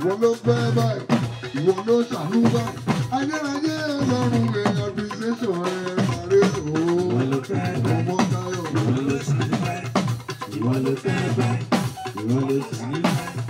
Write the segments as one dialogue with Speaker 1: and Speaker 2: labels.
Speaker 1: ìwọ ló fẹ́ báyìí ìwọ ló ṣàánú báyìí ayérayé ọlọ́run rẹ̀ àbíṣẹ́ṣọ̀ rẹ̀ àrẹ òwò ọmọ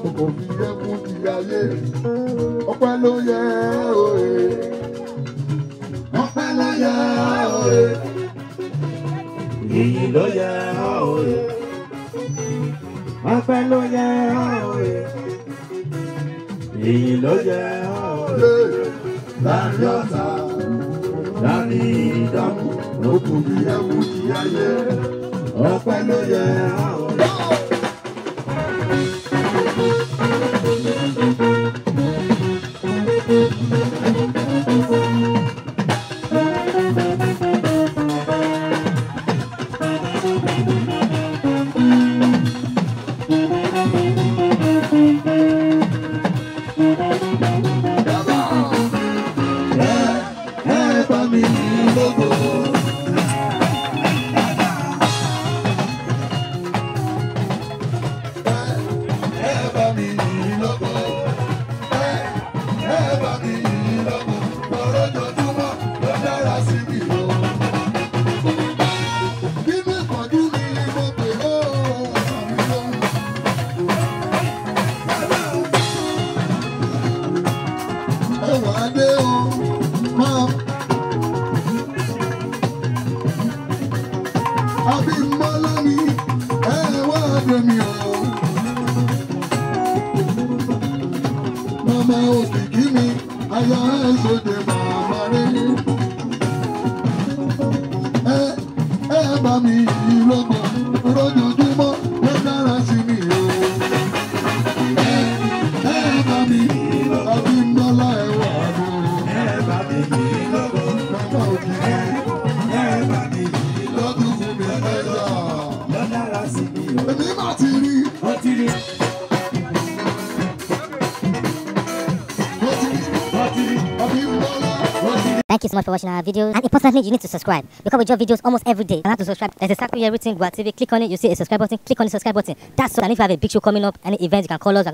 Speaker 1: kò fi ẹkún ti ayé ọpẹ́ ló yẹ òye ọpẹ́ ló yẹ òye èyí ló yẹ òye ọpẹ́ ló yẹ òye èyí ló yẹ òye láàrin ọ̀tá láàrin ìdààmú ló kò fi ẹkún ti ayé ọpẹ́ ló yẹ òye. Thank you. ọmọ òkìkí mi aya ẹ̀ sóde màmá rẹ̀. ẹ ẹ bá mi yí lọ́mọ lójoojúmọ́ ó dára sí mi o. ẹ ẹ bá mi àbí ńlọ́lá ẹ wà lọ. ẹ bá mi yí lọ́mọ lọ́mọ òkìkí. ẹ bá mi yí lọ́dún fún mi ẹ lọ. lọ́dára sí mi o. èmi má ti rí. ó ti rí. Thank you so much for watching our video. And importantly, you need to subscribe because we drop videos almost every day. And how to subscribe? There's a circle here written TV. Click on it. You see a subscribe button. Click on the subscribe button. That's all. And if you have a big show coming up, any event, you can call us.